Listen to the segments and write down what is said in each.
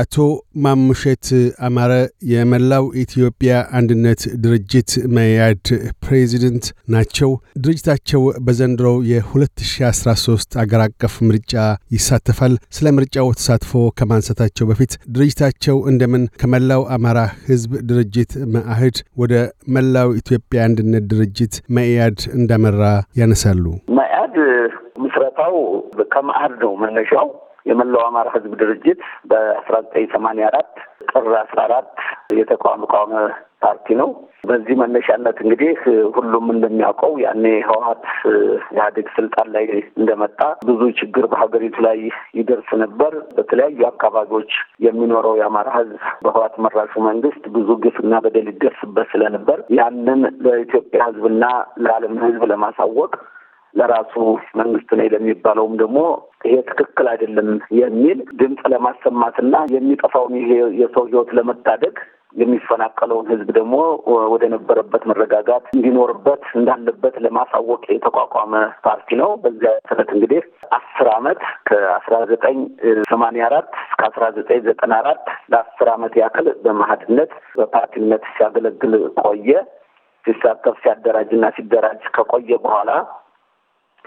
አቶ ማሙሸት አማረ የመላው ኢትዮጵያ አንድነት ድርጅት መያድ ፕሬዚደንት ናቸው። ድርጅታቸው በዘንድሮው የ2013 አገር አቀፍ ምርጫ ይሳተፋል። ስለ ምርጫው ተሳትፎ ከማንሳታቸው በፊት ድርጅታቸው እንደምን ከመላው አማራ ሕዝብ ድርጅት መአህድ ወደ መላው ኢትዮጵያ አንድነት ድርጅት መኢአድ እንዳመራ ያነሳሉ። መኢአድ ምስረታው ከመአህድ ነው መነሻው የመላው አማራ ህዝብ ድርጅት በአስራ ዘጠኝ ሰማንያ አራት ጥር አስራ አራት የተቋቋመ ፓርቲ ነው። በዚህ መነሻነት እንግዲህ ሁሉም እንደሚያውቀው ያኔ ህወሀት ኢህአዴግ ስልጣን ላይ እንደመጣ ብዙ ችግር በሀገሪቱ ላይ ይደርስ ነበር። በተለያዩ አካባቢዎች የሚኖረው የአማራ ህዝብ በህወሀት መራሹ መንግስት ብዙ ግፍና በደል ይደርስበት ስለነበር ያንን ለኢትዮጵያ ህዝብና ለዓለም ህዝብ ለማሳወቅ ለራሱ መንግስት ነው ለሚባለውም ደግሞ ይሄ ትክክል አይደለም የሚል ድምፅ ለማሰማትና የሚጠፋውን ይሄ የሰው ህይወት ለመታደግ የሚፈናቀለውን ህዝብ ደግሞ ወደ ነበረበት መረጋጋት እንዲኖርበት እንዳለበት ለማሳወቅ የተቋቋመ ፓርቲ ነው። በዚያ መሰረት እንግዲህ አስር አመት ከአስራ ዘጠኝ ሰማንያ አራት እስከ አስራ ዘጠኝ ዘጠና አራት ለአስር አመት ያክል በመሀድነት በፓርቲነት ሲያገለግል ቆየ። ሲሳተፍ ሲያደራጅ እና ሲደራጅ ከቆየ በኋላ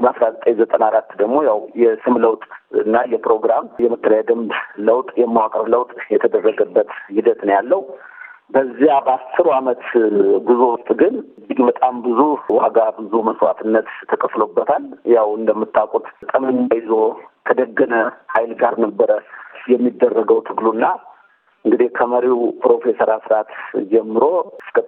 በአስራ ዘጠኝ ዘጠና አራት ደግሞ ያው የስም ለውጥ እና የፕሮግራም የመተዳደሪያ ደንብ ለውጥ የመዋቅር ለውጥ የተደረገበት ሂደት ነው ያለው። በዚያ በአስሩ አመት ጉዞ ውስጥ ግን እጅግ በጣም ብዙ ዋጋ ብዙ መስዋዕትነት ተከፍሎበታል። ያው እንደምታውቁት ጠመንጃ ይዞ ከደገነ ኃይል ጋር ነበረ የሚደረገው ትግሉና እንግዲህ ከመሪው ፕሮፌሰር አስራት ጀምሮ እስከ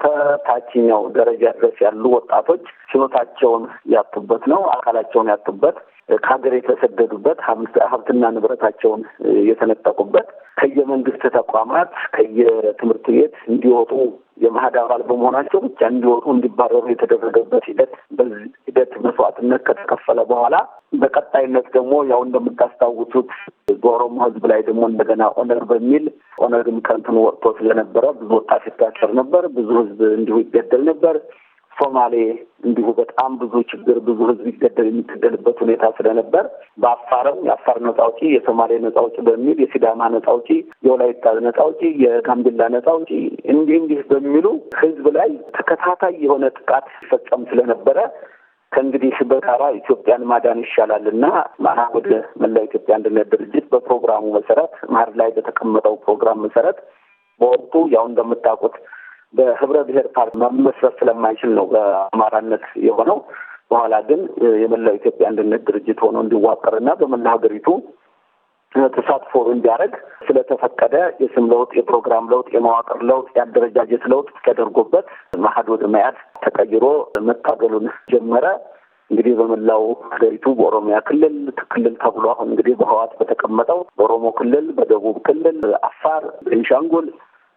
ታችኛው ደረጃ ድረስ ያሉ ወጣቶች ችሎታቸውን ያጡበት ነው፣ አካላቸውን ያጡበት፣ ከሀገር የተሰደዱበት፣ ሀብትና ንብረታቸውን የተነጠቁበት፣ ከየመንግስት ተቋማት ከየትምህርት ቤት እንዲወጡ የማህድ አባል በመሆናቸው ብቻ እንዲወጡ እንዲባረሩ የተደረገበት ሂደት በዚህ ሂደት መስዋዕትነት ከተከፈለ በኋላ በቀጣይነት ደግሞ ያው እንደምታስታውሱት በኦሮሞ ህዝብ ላይ ደግሞ እንደገና ኦነግ በሚል ኦነግም ከንትን ወጥቶ ስለነበረ ብዙ ወጣት ሲታሰር ነበር። ብዙ ህዝብ እንዲሁ ይገደል ነበር። ሶማሌ እንዲሁ በጣም ብዙ ችግር ብዙ ህዝብ ይገደል የሚገደልበት ሁኔታ ስለነበር በአፋርም የአፋር ነጻ አውጪ፣ የሶማሌ ነጻ አውጪ በሚል የሲዳማ ነጻ አውጪ፣ የወላይታ ነጻ አውጪ፣ የጋምቤላ ነጻ አውጪ እንዲህ እንዲህ በሚሉ ህዝብ ላይ ተከታታይ የሆነ ጥቃት ሲፈጸም ስለነበረ ከእንግዲህ በጋራ ኢትዮጵያን ማዳን ይሻላል እና ወደ መላ ኢትዮጵያ አንድነት ድርጅት በፕሮግራሙ መሰረት መሀል ላይ በተቀመጠው ፕሮግራም መሰረት በወቅቱ ያው እንደምታውቁት በህብረ ብሔር ፓርቲ መመስረት ስለማይችል ነው በአማራነት የሆነው። በኋላ ግን የመላው ኢትዮጵያ አንድነት ድርጅት ሆኖ እንዲዋቀርና በመላ ሀገሪቱ ተሳትፎ እንዲያደርግ ስለተፈቀደ የስም ለውጥ፣ የፕሮግራም ለውጥ፣ የመዋቅር ለውጥ፣ የአደረጃጀት ለውጥ ተደርጎበት መአሕድ ወደ መኢአድ ተቀይሮ መታገሉን ጀመረ። እንግዲህ በመላው ሀገሪቱ በኦሮሚያ ክልል ክልል ተብሎ አሁን እንግዲህ በህዋት በተቀመጠው በኦሮሞ ክልል፣ በደቡብ ክልል፣ አፋር፣ ቤንሻንጉል፣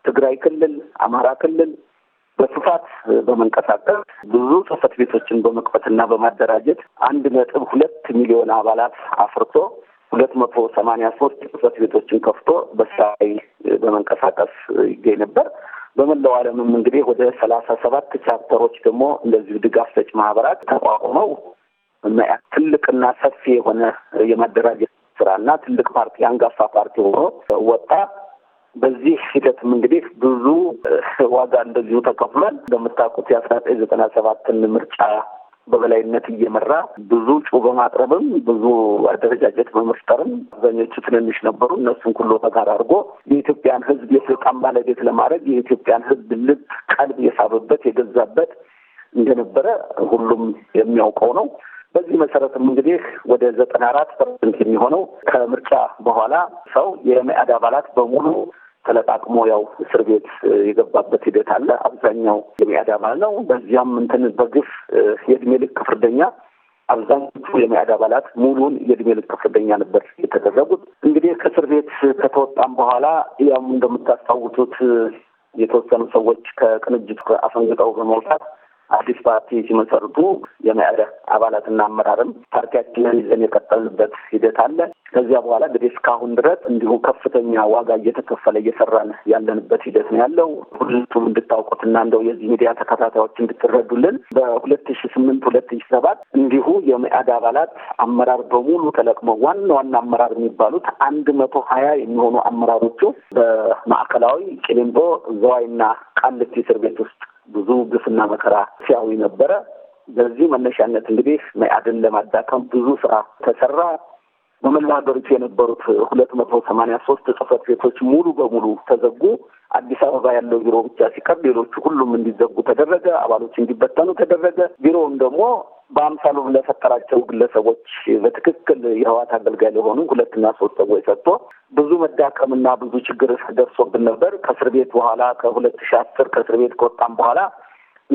ትግራይ ክልል፣ አማራ ክልል በስፋት በመንቀሳቀስ ብዙ ጽህፈት ቤቶችን በመክፈትና በማደራጀት አንድ ነጥብ ሁለት ሚሊዮን አባላት አፍርቶ ሁለት መቶ ሰማኒያ ሶስት ጽህፈት ቤቶችን ከፍቶ በስራ ላይ በመንቀሳቀስ ይገኝ ነበር። በመላው ዓለምም እንግዲህ ወደ ሰላሳ ሰባት ቻፕተሮች ደግሞ እንደዚሁ ድጋፍ ሰጭ ማህበራት ተቋቁመው ትልቅና ሰፊ የሆነ የማደራጀት ስራና ትልቅ ፓርቲ አንጋፋ ፓርቲ ሆኖ ወጣ። በዚህ ሂደትም እንግዲህ ብዙ ዋጋ እንደዚሁ ተከፍሏል። እንደምታውቁት የአስራ ዘጠኝ ዘጠና ሰባትን ምርጫ በበላይነት እየመራ ብዙ ጩ በማቅረብም ብዙ አደረጃጀት በመፍጠርም አብዛኞቹ ትንንሽ ነበሩ። እነሱን ሁሉ በጋራ አድርጎ የኢትዮጵያን ሕዝብ የስልጣን ባለቤት ለማድረግ የኢትዮጵያን ሕዝብ ልብ ቀልብ የሳበበት የገዛበት እንደነበረ ሁሉም የሚያውቀው ነው። በዚህ መሰረትም እንግዲህ ወደ ዘጠና አራት ፐርሰንት የሚሆነው ከምርጫ በኋላ ሰው የመኢአድ አባላት በሙሉ ተለቃቅሞ ያው እስር ቤት የገባበት ሂደት አለ። አብዛኛው የሚያድ አባል ነው። በዚያም እንትን በግፍ የእድሜ ልክ ፍርደኛ አብዛኞቹ የሚያድ አባላት ሙሉን የእድሜ ልክ ፍርደኛ ነበር የተደረጉት። እንግዲህ ከእስር ቤት ከተወጣም በኋላ ያም እንደምታስታውቱት የተወሰኑ ሰዎች ከቅንጅቱ አፈንግጠው በመውጣት አዲስ ፓርቲ ሲመሰርቱ የመያደር አባላትና አመራርም ፓርቲያችንን ይዘን የቀጠልንበት ሂደት አለ። ከዚያ በኋላ እንግዲህ እስካሁን ድረስ እንዲሁ ከፍተኛ ዋጋ እየተከፈለ እየሰራን ያለንበት ሂደት ነው ያለው። ሁለቱም እንድታውቁትና እንደው የዚህ ሚዲያ ተከታታዮች እንድትረዱልን በሁለት ሺ ስምንት ሁለት ሺ ሰባት እንዲሁ የመያድ አባላት አመራር በሙሉ ተለቅመው ዋና ዋና አመራር የሚባሉት አንድ መቶ ሀያ የሚሆኑ አመራሮቹ በማዕከላዊ ቂሊንጦ፣ ዘዋይና ቃሊቲ እስር ቤት ውስጥ ብዙ ግፍና መከራ ሲያዊ ነበረ። በዚህ መነሻነት እንግዲህ መኢአድን ለማዳከም ብዙ ስራ ተሰራ። በመላ ሀገሪቱ የነበሩት ሁለት መቶ ሰማኒያ ሶስት ጽህፈት ቤቶች ሙሉ በሙሉ ተዘጉ። አዲስ አበባ ያለው ቢሮ ብቻ ሲቀር ሌሎቹ ሁሉም እንዲዘጉ ተደረገ። አባሎች እንዲበተኑ ተደረገ። ቢሮውን ደግሞ በአምሳሉ ለፈጠራቸው ግለሰቦች በትክክል የህዋት አገልጋይ ለሆኑ ሁለትና ሶስት ሰዎች ሰጥቶ ብዙ መዳከምና ብዙ ችግር ደርሶብን ነበር። ከእስር ቤት በኋላ ከሁለት ሺ አስር ከእስር ቤት ከወጣም በኋላ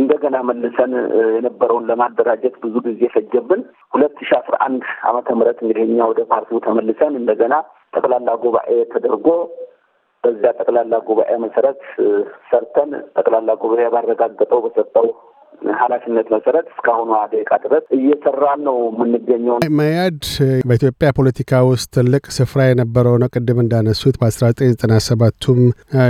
እንደገና መልሰን የነበረውን ለማደራጀት ብዙ ጊዜ ፈጀብን። ሁለት ሺ አስራ አንድ አመተ ምህረት እንግዲህ እኛ ወደ ፓርቲው ተመልሰን እንደገና ጠቅላላ ጉባኤ ተደርጎ በዚያ ጠቅላላ ጉባኤ መሰረት ሰርተን ጠቅላላ ጉባኤ ባረጋገጠው በሰጠው ኃላፊነት መሰረት እስካሁኑ ደቂቃ ድረስ እየሰራን ነው የምንገኘው። መያድ በኢትዮጵያ ፖለቲካ ውስጥ ትልቅ ስፍራ የነበረው ነው። ቅድም እንዳነሱት በ ዘጠና ሰባቱም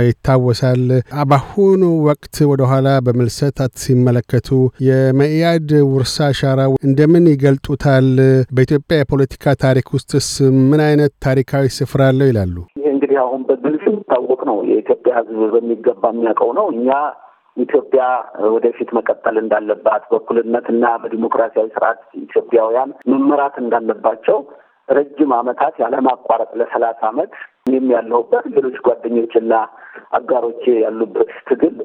ይታወሳል በአሁኑ ወቅት ወደኋላ በምልሰት ሲመለከቱ የመያድ ውርሳ አሻራ እንደምን ይገልጡታል? በኢትዮጵያ የፖለቲካ ታሪክ ውስጥስ ምን አይነት ታሪካዊ ስፍራ አለው ይላሉ? ይህ እንግዲህ አሁን በግልጽ የሚታወቅ ነው። የኢትዮጵያ ሕዝብ በሚገባ የሚያውቀው ነው። እኛ ኢትዮጵያ ወደፊት መቀጠል እንዳለባት በእኩልነትና በዲሞክራሲያዊ ስርዓት ኢትዮጵያውያን መመራት እንዳለባቸው ረጅም ዓመታት ያለማቋረጥ ለሰላሳ አመት እኔም ያለሁበት ሌሎች ጓደኞችና አጋሮቼ ያሉበት ትግል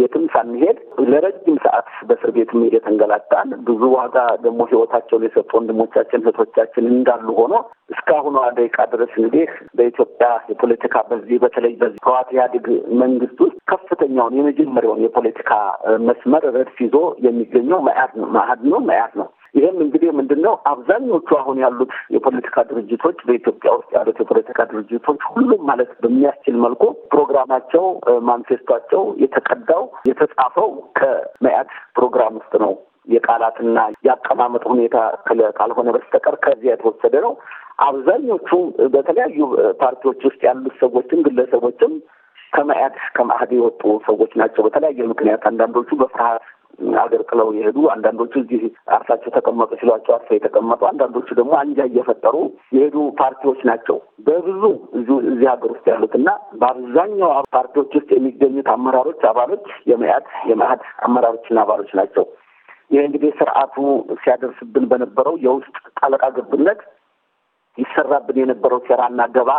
የትም ሳንሄድ ለረጅም ሰዓት በእስር ቤትም እየተንገላታን ብዙ ዋጋ ደግሞ ህይወታቸውን የሰጡ ወንድሞቻችን እህቶቻችን እንዳሉ ሆኖ እስካሁኗ ደቂቃ ድረስ እንግዲህ በኢትዮጵያ የፖለቲካ በዚህ በተለይ በዚህ ህወሓት ኢህአዴግ መንግስት ውስጥ ከፍተኛውን የመጀመሪያውን የፖለቲካ መስመር ረድፍ ይዞ የሚገኘው መያድ ነው መያድ ነው መያድ ነው ይህም እንግዲህ ምንድን ነው አብዛኞቹ አሁን ያሉት የፖለቲካ ድርጅቶች በኢትዮጵያ ውስጥ ያሉት የፖለቲካ ድርጅቶች ሁሉም ማለት በሚያስችል መልኩ ፕሮግራማቸው፣ ማኒፌስቷቸው የተቀዳው የተጻፈው ከመያድ ፕሮግራም ውስጥ ነው። የቃላትና የአቀማመጥ ሁኔታ ካልሆነ በስተቀር ከዚያ የተወሰደ ነው። አብዛኞቹ በተለያዩ ፓርቲዎች ውስጥ ያሉት ሰዎችም ግለሰቦችም ከመያድ ከማህድ የወጡ ሰዎች ናቸው። በተለያየ ምክንያት አንዳንዶቹ በፍርሃት ሀገር ጥለው የሄዱ አንዳንዶቹ እዚህ አርሳቸው ተቀመጡ ሲሏቸው አርሰው የተቀመጡ አንዳንዶቹ ደግሞ አንጃ እየፈጠሩ የሄዱ ፓርቲዎች ናቸው በብዙ እዚህ ሀገር ውስጥ ያሉት እና በአብዛኛው ፓርቲዎች ውስጥ የሚገኙት አመራሮች፣ አባሎች የመያድ የመያድ አመራሮችና አባሎች ናቸው። ይህ እንግዲህ ስርዓቱ ሲያደርስብን በነበረው የውስጥ ጣለቃ ገብነት ይሰራብን የነበረው ሴራና ገባ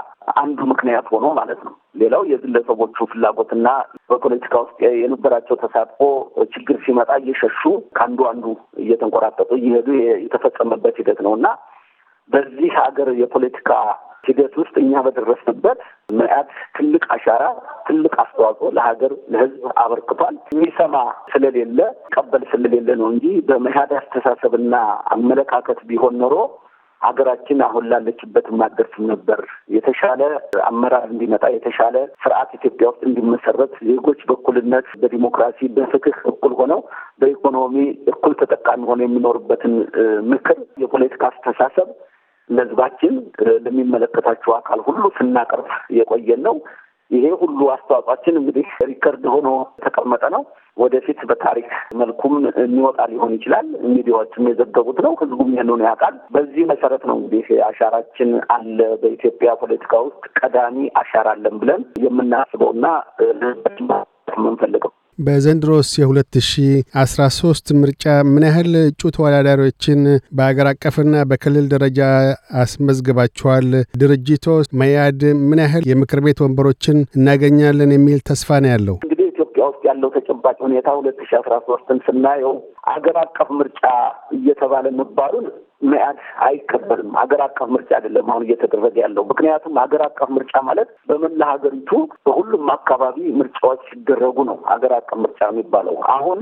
አንዱ ምክንያት ሆኖ ማለት ነው። ሌላው የግለሰቦቹ ፍላጎትና በፖለቲካ ውስጥ የነበራቸው ተሳትፎ ችግር ሲመጣ እየሸሹ ከአንዱ አንዱ እየተንቆራጠጡ እየሄዱ የተፈጸመበት ሂደት ነው እና በዚህ ሀገር የፖለቲካ ሂደት ውስጥ እኛ በደረስንበት መያት ትልቅ አሻራ፣ ትልቅ አስተዋጽኦ ለሀገር ለሕዝብ አበርክቷል። የሚሰማ ስለሌለ ቀበል ስለሌለ ነው እንጂ በመያት አስተሳሰብና አመለካከት ቢሆን ኖሮ ሀገራችን አሁን ላለችበት ማደርስ ነበር። የተሻለ አመራር እንዲመጣ የተሻለ ስርዓት ኢትዮጵያ ውስጥ እንዲመሰረት ዜጎች በእኩልነት በዲሞክራሲ በፍትህ እኩል ሆነው በኢኮኖሚ እኩል ተጠቃሚ ሆነ የሚኖርበትን ምክር፣ የፖለቲካ አስተሳሰብ ለህዝባችን ለሚመለከታቸው አካል ሁሉ ስናቀርብ የቆየን ነው። ይሄ ሁሉ አስተዋጽኦአችን እንግዲህ ሪከርድ ሆኖ የተቀመጠ ነው። ወደፊት በታሪክ መልኩም የሚወጣ ሊሆን ይችላል። ሚዲያዎችም የዘገቡት ነው፣ ህዝቡም ይህንን ያውቃል። በዚህ መሰረት ነው እንግዲህ አሻራችን አለ በኢትዮጵያ ፖለቲካ ውስጥ ቀዳሚ አሻራ አለን ብለን የምናስበውና የምንፈልገው። በዘንድሮስ የ2013 ምርጫ ምን ያህል እጩ ተወዳዳሪዎችን በአገር አቀፍና በክልል ደረጃ አስመዝግባችኋል? ድርጅቶ መያድ ምን ያህል የምክር ቤት ወንበሮችን እናገኛለን የሚል ተስፋ ነው ያለው? ኢትዮጵያ ውስጥ ያለው ተጨባጭ ሁኔታ ሁለት ሺ አስራ ሶስትን ስናየው ሀገር አቀፍ ምርጫ እየተባለ መባሉን መያድ አይቀበልም። ሀገር አቀፍ ምርጫ አይደለም አሁን እየተደረገ ያለው። ምክንያቱም ሀገር አቀፍ ምርጫ ማለት በመላ ሀገሪቱ በሁሉም አካባቢ ምርጫዎች ሲደረጉ ነው ሀገር አቀፍ ምርጫ የሚባለው አሁን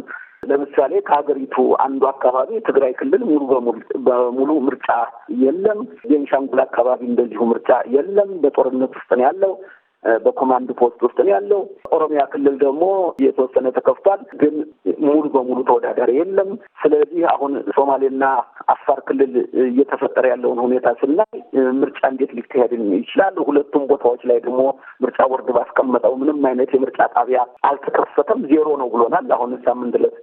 ለምሳሌ ከሀገሪቱ አንዱ አካባቢ ትግራይ ክልል ሙሉ በሙሉ ምርጫ የለም። ቤንሻንጉል አካባቢ እንደዚሁ ምርጫ የለም። በጦርነት ውስጥ ነው ያለው። በኮማንድ ፖስት ውስጥ ነው ያለው። ኦሮሚያ ክልል ደግሞ የተወሰነ ተከፍቷል፣ ግን ሙሉ በሙሉ ተወዳዳሪ የለም። ስለዚህ አሁን ሶማሌና አፋር ክልል እየተፈጠረ ያለውን ሁኔታ ስናይ ምርጫ እንዴት ሊካሄድ ይችላል? ሁለቱም ቦታዎች ላይ ደግሞ ምርጫ ቦርድ ባስቀመጠው ምንም አይነት የምርጫ ጣቢያ አልተከፈተም፣ ዜሮ ነው ብሎናል። አሁን ሳምንት ዕለት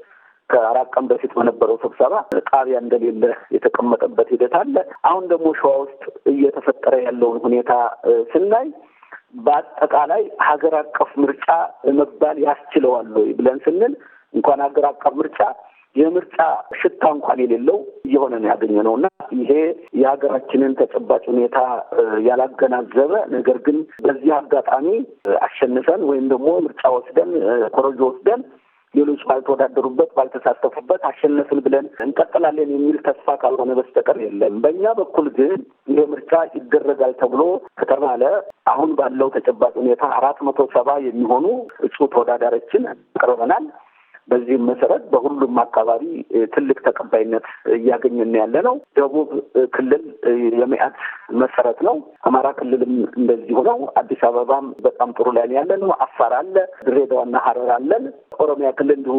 ከአራት ቀን በፊት በነበረው ስብሰባ ጣቢያ እንደሌለ የተቀመጠበት ሂደት አለ። አሁን ደግሞ ሸዋ ውስጥ እየተፈጠረ ያለውን ሁኔታ ስናይ በአጠቃላይ ሀገር አቀፍ ምርጫ መባል ያስችለዋል ወይ ብለን ስንል እንኳን ሀገር አቀፍ ምርጫ የምርጫ ሽታ እንኳን የሌለው እየሆነ ነው ያገኘ ነው እና ይሄ የሀገራችንን ተጨባጭ ሁኔታ ያላገናዘበ ነገር ግን በዚህ አጋጣሚ አሸንፈን ወይም ደግሞ ምርጫ ወስደን ኮረጆ ወስደን ሌሎች ባልተወዳደሩበት ባልተሳተፉበት አሸነፍን ብለን እንቀጥላለን የሚል ተስፋ ካልሆነ በስተቀር የለም። በእኛ በኩል ግን ይሄ ምርጫ ይደረጋል ተብሎ ከተባለ አሁን ባለው ተጨባጭ ሁኔታ አራት መቶ ሰባ የሚሆኑ እጩ ተወዳዳሪዎችን አቅርበናል። በዚህም መሰረት በሁሉም አካባቢ ትልቅ ተቀባይነት እያገኘን ያለ ነው። ደቡብ ክልል የመያት መሰረት ነው። አማራ ክልልም እንደዚሁ ነው። አዲስ አበባም በጣም ጥሩ ላይ ያለ ነው። አፋር አለ፣ ድሬዳዋና ሀረር አለን። ኦሮሚያ ክልል እንዲሁ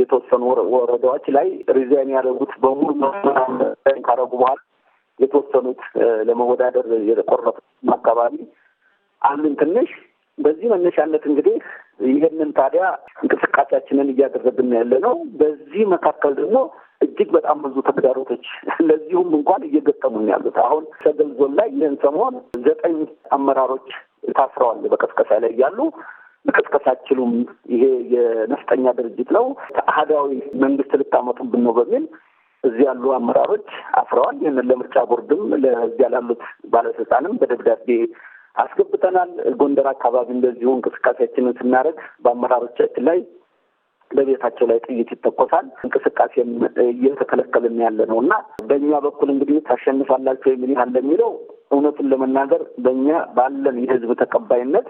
የተወሰኑ ወረዳዎች ላይ ሪዛይን ያደረጉት በሙሉ ካረጉ በኋላ የተወሰኑት ለመወዳደር የቆረጡ አካባቢ አምን ትንሽ በዚህ መነሻነት እንግዲህ ይህንን ታዲያ እንቅስቃሴያችንን እያደረግን ያለ ነው። በዚህ መካከል ደግሞ እጅግ በጣም ብዙ ተግዳሮቶች ለዚሁም እንኳን እየገጠሙን ያሉት አሁን ሰገል ዞን ላይ ይህን ሰሞን ዘጠኝ አመራሮች ታስረዋል። በቀስቀሳ ላይ እያሉ መቀስቀስ ይሄ የነፍጠኛ ድርጅት ነው፣ አህዳዊ መንግስት ልታመጡብን ነው በሚል እዚህ ያሉ አመራሮች አፍረዋል። ይህንን ለምርጫ ቦርድም ለዚያ ላሉት ባለስልጣንም በደብዳቤ አስገብተናል። ጎንደር አካባቢ እንደዚሁ እንቅስቃሴያችንን ስናደርግ በአመራሮቻችን ላይ በቤታቸው ላይ ጥይት ይተኮሳል። እንቅስቃሴም እየተከለከልን ያለ ነው እና በእኛ በኩል እንግዲህ ታሸንፋላቸው የምን ያህል ለሚለው እውነቱን ለመናገር በእኛ ባለን የህዝብ ተቀባይነት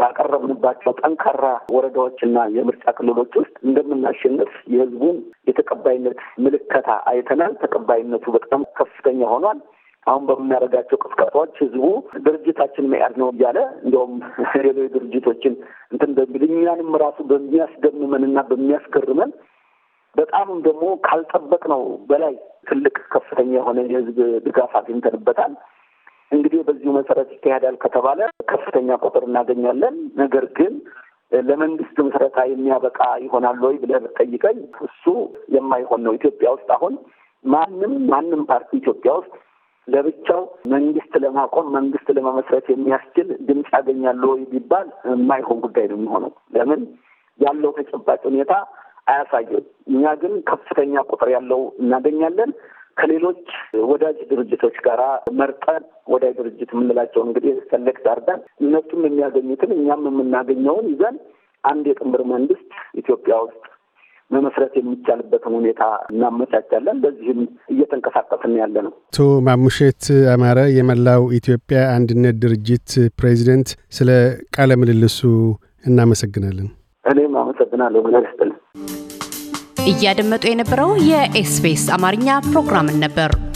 ባቀረብንባቸው ጠንካራ ወረዳዎችና የምርጫ ክልሎች ውስጥ እንደምናሸንፍ የህዝቡን የተቀባይነት ምልከታ አይተናል። ተቀባይነቱ በጣም ከፍተኛ ሆኗል። አሁን በምናደርጋቸው ቅስቀሳዎች ህዝቡ ድርጅታችን መያድ ነው እያለ እንዲሁም ሌሎች ድርጅቶችን እንትን በሚል እኛንም ራሱ በሚያስደምመንና በሚያስገርመን በጣም ደግሞ ካልጠበቅ ነው በላይ ትልቅ ከፍተኛ የሆነ የህዝብ ድጋፍ አግኝተንበታል። እንግዲህ በዚሁ መሰረት ይካሄዳል ከተባለ ከፍተኛ ቁጥር እናገኛለን። ነገር ግን ለመንግስት ምስረታ የሚያበቃ ይሆናል ወይ ብለህ ብትጠይቀኝ እሱ የማይሆን ነው። ኢትዮጵያ ውስጥ አሁን ማንም ማንም ፓርቲ ኢትዮጵያ ውስጥ ለብቻው መንግስት ለማቆም መንግስት ለመመስረት የሚያስችል ድምፅ ያገኛሉ ወይ ቢባል የማይሆን ጉዳይ ነው የሚሆነው። ለምን ያለው ተጨባጭ ሁኔታ አያሳየም። እኛ ግን ከፍተኛ ቁጥር ያለው እናገኛለን። ከሌሎች ወዳጅ ድርጅቶች ጋራ መርጠን ወዳጅ ድርጅት የምንላቸው እንግዲህ ሰሌክት አድርገን እነሱም የሚያገኙትን እኛም የምናገኘውን ይዘን አንድ የጥምር መንግስት ኢትዮጵያ ውስጥ መመስረት የሚቻልበትን ሁኔታ እናመቻቻለን። በዚህም እየተንቀሳቀስን ያለ ነው። አቶ ማሙሼት አማረ የመላው ኢትዮጵያ አንድነት ድርጅት ፕሬዚደንት፣ ስለ ቃለ ምልልሱ እናመሰግናለን። እኔም አመሰግናለሁ። እያደመጡ የነበረው የኤስቢኤስ አማርኛ ፕሮግራምን ነበር።